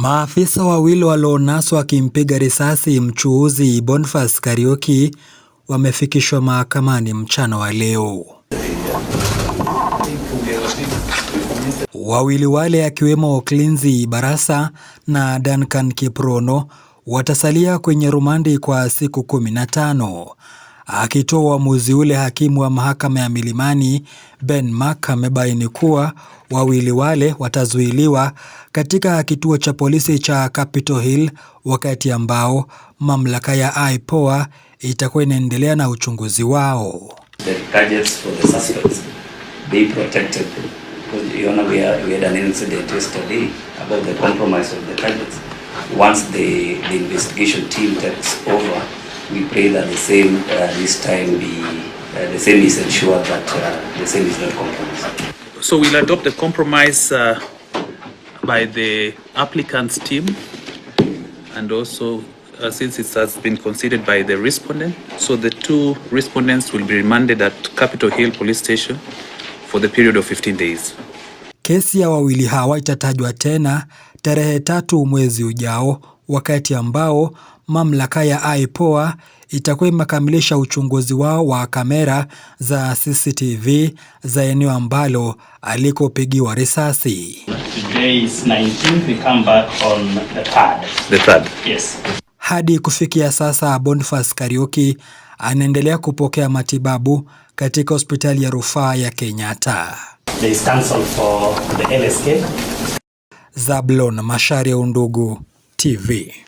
Maafisa wawili walionaswa akimpiga risasi mchuuzi Boniface Kariuki wamefikishwa mahakamani mchana wa leo. Wawili wale akiwemo Oklinzi Barasa na Duncan Kiprono watasalia kwenye rumandi kwa siku 15. Akitoa uamuzi ule, hakimu wa mahakama ya Milimani Ben Mark amebaini kuwa wawili wale watazuiliwa katika kituo cha polisi cha Capitol Hill wakati ambao mamlaka ya IPOA itakuwa inaendelea na uchunguzi wao. The we pray that the same uh, this time be uh, the same is ensured that uh, the same is not compromised. So we'll adopt a compromise uh, by the applicant's team and also uh, since it has been considered by the respondent. So the two respondents will be remanded at Capitol Hill Police Station for the period of 15 days. Kesi ya wawili hawa itatajwa tena tarehe tatu mwezi ujao, wakati ambao mamlaka ya IPOA itakuwa imekamilisha uchunguzi wao wa kamera za CCTV za eneo ambalo alikopigiwa risasi. Hadi kufikia sasa, Boniface Kariuki anaendelea kupokea matibabu katika hospitali ya rufaa ya Kenyatta. Zablon Macharia, Undugu TV.